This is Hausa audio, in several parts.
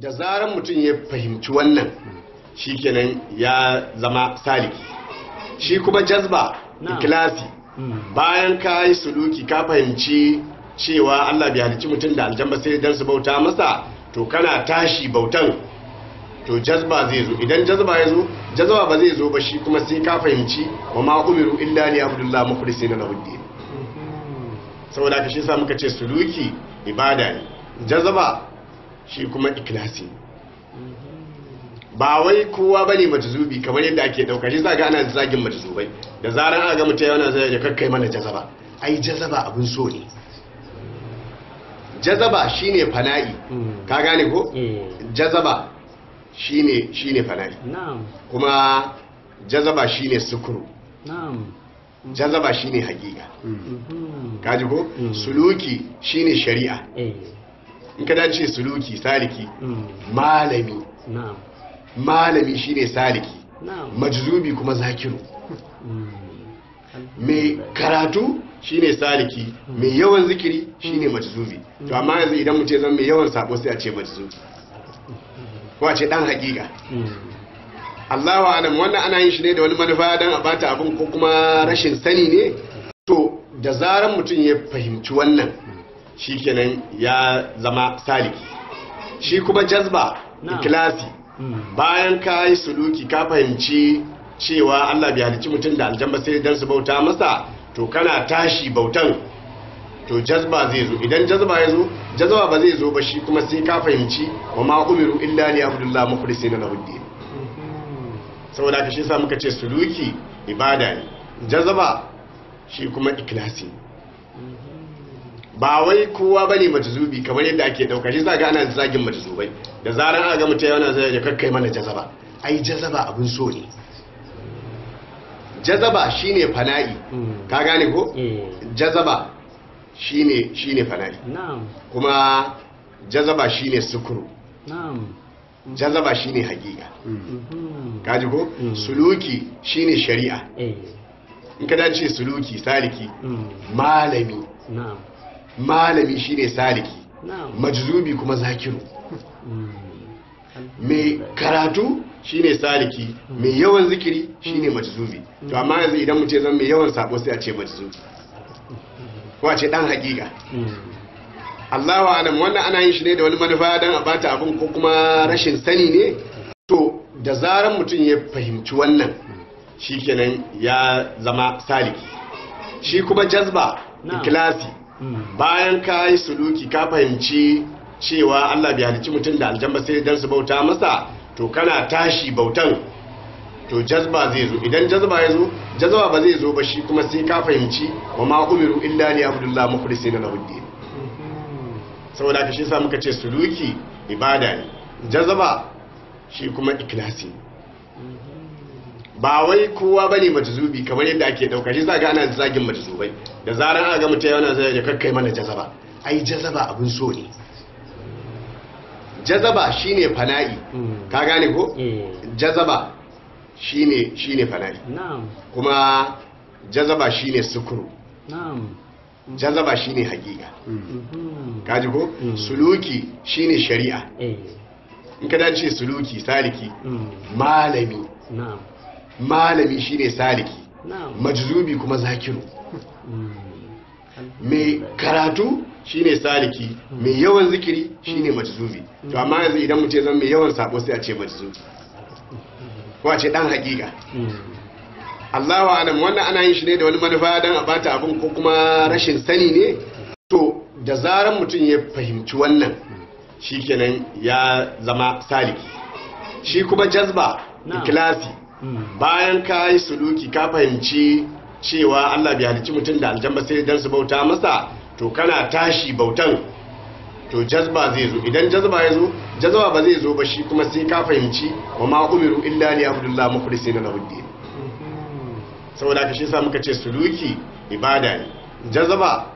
da zarar mutum ya fahimci wannan shikenan ya zama saliki shi kuma jazba ikilasi hmm. bayan ka yi suluki ka fahimci cewa Allah bai halicci mutum da aljamba sai don su bauta masa to kana tashi bautan to jazba zai zo idan jazba ya zo jazba ba zai zo ba shi kuma sai ka fahimci wa ma umiru illa ni abdullah mukhlisina na din hmm. saboda ka shi sa muka ce suluki ibada ne jazba shi kuma ikilasi ba wai kowa ba ne majizubi kamar yadda ake dauka shi zaga ana zagin majizubai da zaran aga ga ya yana zai ya kakkai mana jazaba ai jazaba abin so ne jazaba shi ne fana'i hmm. ka gane ko eh. jazaba shi ne fana'i kuma jazaba shi ne sukuru jazaba shi ne hakika hmm. kaji ko hmm. suluki shi ne shari'a eh. in ka dace suluki saliki hmm. malami malami shine saliki majzubi kuma zakiru hmm. mai karatu shine saliki hmm. mai yawan zikiri shine majzubi to amma yanzu idan mutum zan mai yawan sabo sai a ce majzubi ko a ce dan hakika Allah wa alam wannan ana yin shi ne da wani manufa don a bata abin ko kuma rashin sani ne to da zaran mutum ya fahimci wannan shikenan ya zama saliki shi kuma jazba ikilasi hmm. bayan ka yi suluki ka fahimci cewa Allah bai halici mutum da aljamba sai don su bauta masa to kana tashi bautan to jazba zai zo idan jazba ya zo jazba ba zai zo ba shi kuma sai ka fahimci wa ma umiru illa li abdullah na lahuddin saboda ka shi sa muka ce suluki ibada ne jazba shi kuma ikilasi. ba wai kowa bane majzubi kamar yadda ake dauka shi zaga ana zagin majzubai da zaran aka ga mutai yana zai ya kakkai mana jazaba ai jazaba abin so ne jazaba shine fana'i hmm. ka gane ko eh. jazaba shine shine fana'i kuma jazaba shine sukuru jazaba shine hakika mm-hmm. kaji ko mm. suluki shine shari'a eh. in ka dace suluki saliki mm. malami malami shine saliki majzubi kuma zakiru hmm. mai karatu shine saliki hmm. mai yawan zikiri shine majzubi hmm. to amma yanzu idan mutum zan mai yawan sabo sai a ce majzubi ko a ce dan hakika Allahu alam wannan ana yin shi ne da wani manufa dan a bata abin ko kuma rashin sani ne to da zaran mutum ya fahimci wannan shikenan ya zama saliki shi kuma jazba ikilasi bayan ka yi suluki ka fahimci cewa Allah bai halicci mutum da aljamba sai dan su bauta masa to kana tashi bautan to jazba zai zo idan jazba ya zo jazba ba zai zo ba shi kuma sai ka fahimci wa ma umiru illa ne abdullah mukhlisina lahu din saboda ka shi sa muka ce suluki ibada ne jazba shi kuma ikhlasi ne ba wai kowa bane majzubi kamar yadda ake dauka shi zaga ana zagin majzubai da zaran aka ga mutai yana zai ya kakkai mana jazaba ai jazaba abin so ne jazaba shine fana'i hmm. ka gane ko eh. jazaba shine shine fana'i kuma jazaba shine sukuru jazaba shine hakika hmm. kaji ko hmm. suluki shine shari'a eh. in ka dace suluki saliki malami malami shine saliki majzubi kuma zakiru mai hmm. karatu shine saliki mai yawan zikiri shine hmm. majzubi hmm. to amma yanzu idan ce zan mai yawan sabo sai a ce majzubi ko a ce dan hakika Allahu alam wannan ana yin shi ne da wani manufa dan a bata abin ko kuma rashin sani ne to da zaran mutum ya fahimci wannan shikenan ya zama saliki shi kuma jazba ikilasi bayan ka yi suluki ka fahimci cewa Allah bai halicci mutum da aljamba sai dan su bauta masa to kana tashi bautan to jazba zai zo idan jazba ya zo jazba ba zai zo ba shi kuma sai ka fahimci wa ma umiru illa ni abdullah mukhlisina na din saboda ka shi sa muka ce suluki ibada ne jazba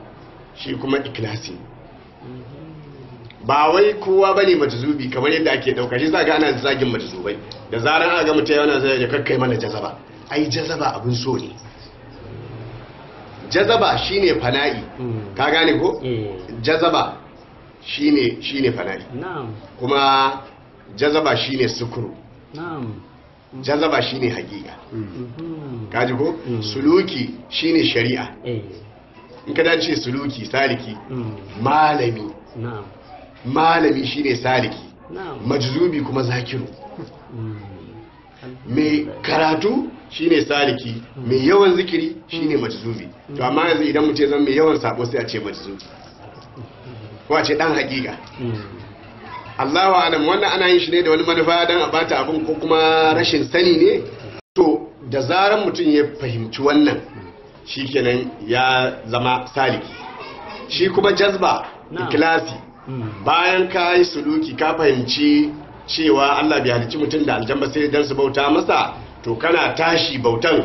shi kuma ikhlasi ba wai kowa bane majzubi kamar yadda ake dauka shi zaga ana zagin majzubai da zaran aka ga mutai yana zai ya kakkai mana jazaba ai jazaba abin so ne jazaba shine fana'i hmm. ka gane ko eh. jazaba shine shine fana'i kuma jazaba shine sukuru jazaba shine hakika hmm. kaji ko hmm. suluki shine shari'a eh. in ka dace suluki saliki malami malami shi ne saliki majzubi kuma zakiru hmm. mai karatu shi ne saliki mai yawan zikiri shi ne hmm. majzubi hmm. to amma yanzu idan mu ce zan mai yawan sabo sai a ce majzubi ko a ce dan hakika Allahu alam wannan ana yin shi ne da wani manufa don a bata abin ko kuma rashin sani ne to da zaran mutum ya fahimci wannan shi kenan ya zama saliki shi kuma jazba ikilasi bayan ka yi suluki ka fahimci cewa Allah bai halicci mutum da aljamba sai dan su bauta masa to kana tashi bautan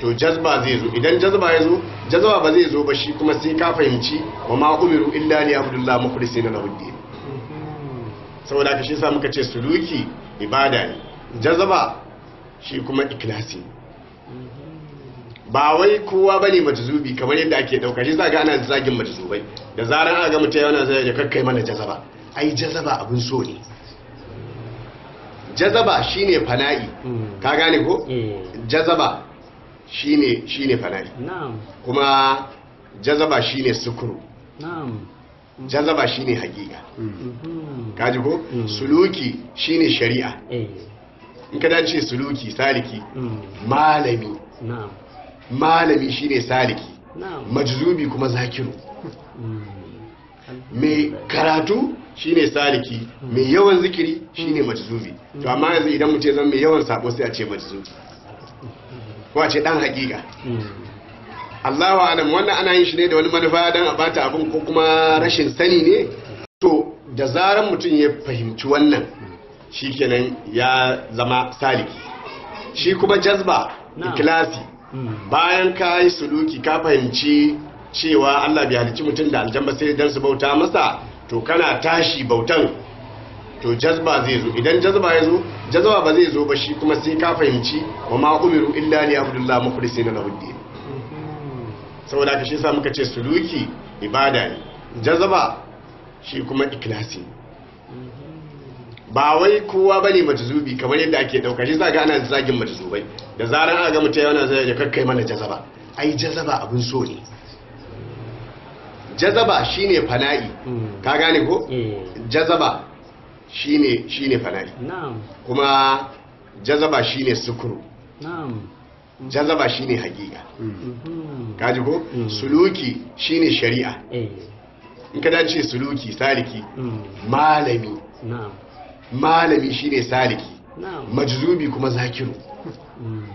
to jazba zai zo idan jazba ya zo jazba ba zai zo ba shi kuma sai ka fahimci wa ma umiru illa li abdullah mukhlisina na din saboda ka shi sa muka ce suluki ibada ne jazba shi kuma ikhlasi ba wai kowa bane majzubi kamar yadda ake dauka shi zaga ana zagin majzubai da zaran aka ga mutai yana zai ya kakkai mana jazaba ai jazaba abin so ne jazaba shine fana'i hmm. ka gane ko eh. jazaba shine shine fana'i kuma jazaba shine sukuru jazaba shine hakika mm-hmm. ji ko mm. suluki shine shari'a eh. in ka dace suluki saliki mm. malami malami shine saliki majzubi kuma zakiru hmm. mai karatu shine saliki mai yawan zikiri shine hmm. majzubi hmm. to amma yanzu idan mu ce zan mai yawan sabo sai a ce majzubi ko a ce dan hakika Allahu alam wannan ana yin shi ne da wani manufa dan a bata abin ko kuma rashin sani ne to da zaran mutum ya fahimci wannan shikenan ya zama saliki shi kuma jazba ikilasi bayan ka yi suluki ka fahimci cewa Allah bai halicci mutum da aljamba sai dan su bauta masa to kana tashi bautan to jazba zai zo idan jazba ya zo jazba ba zai zo ba shi kuma sai ka fahimci wa ma umiru illa li abdullah mukhlisina na din saboda ka shi sa muka ce suluki ibada ne jazba shi kuma ikhlasi ba wai kowa bane majzubi kamar yadda ake dauka shi ga ana zagin majzubai da zaran aka ga mutum yana zai ya kakkai mana jazaba ai jazaba abin so ne jazaba shine fana'i ka gane ko eh. jazaba shine shine fana'i kuma jazaba shine sukuru jazaba shine hakika mm-hmm. Ka ji ko mm. suluki shine shari'a eh. in ka dace suluki saliki mm. malami malami shine saliki majzubi kuma zakiru hmm.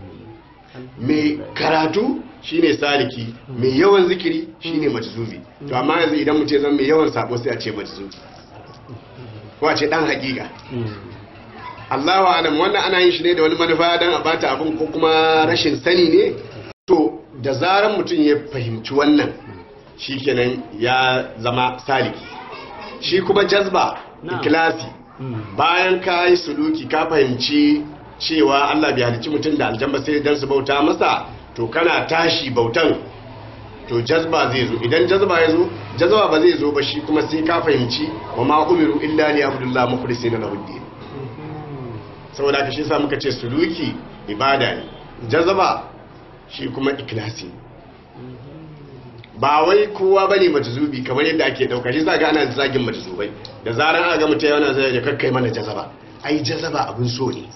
mai karatu shine saliki mai yawan zikiri shine hmm. majzubi to hmm. amma yanzu idan mu ce zan mai yawan sabo sai a ce majzubi ko a ce dan hakika Allahu alam wannan ana yin shi ne da wani manufa dan a bata abin ko kuma rashin sani ne to da zarar mutum ya fahimci wannan shikenan ya zama saliki shi kuma jazba ikilasi bayan ka yi suluki ka fahimci cewa Allah bai halicci mutum da aljamba sai dan su bauta masa to kana tashi bautan to jazba zai zo idan jazba ya zo jazba ba zai zo ba shi kuma sai ka fahimci wa ma umiru illa li abdullah mukhlisina na din saboda ka shi sa muka ce suluki ibada ne jazba shi kuma ikhlasi ba wai kowa bane majzubi kamar yadda ake dauka shi zaga ana zagin majzubai da zaran aka ga mutai yana zai ya kakkai mana jazaba ai jazaba abin so ne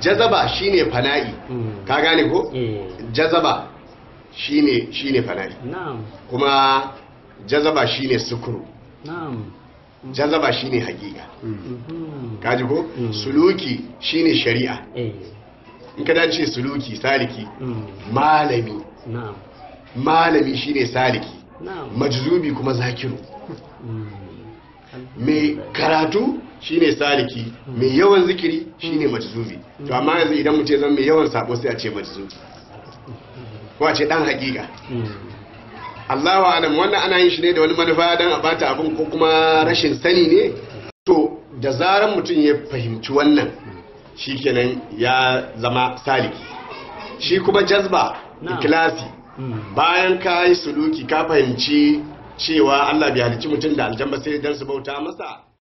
jazaba shine fana'i hmm. ka gane ko eh. jazaba shine shine fana'i kuma jazaba shine sukuru jazaba shine hakika hmm. Ka ji ko hmm. suluki shine shari'a eh. in ka dace suluki saliki malami malami shine saliki majzubi kuma zakiru hmm. mai karatu shine saliki mai yawan zikiri shine majzubi to amma yanzu idan mu ce zan mai yawan sabo sai a ce majzubi ko a ce dan hakika hmm. Allah wa alam wannan ana yin shi ne da wani manufa dan a bata abin ko kuma rashin sani ne to da zaran mutum ya fahimci wannan shikenan ya zama saliki shi kuma jazba ikilasi bayan ka yi suluki ka fahimci cewa Allah bai halicci mutum da aljamba sai dan su bauta masa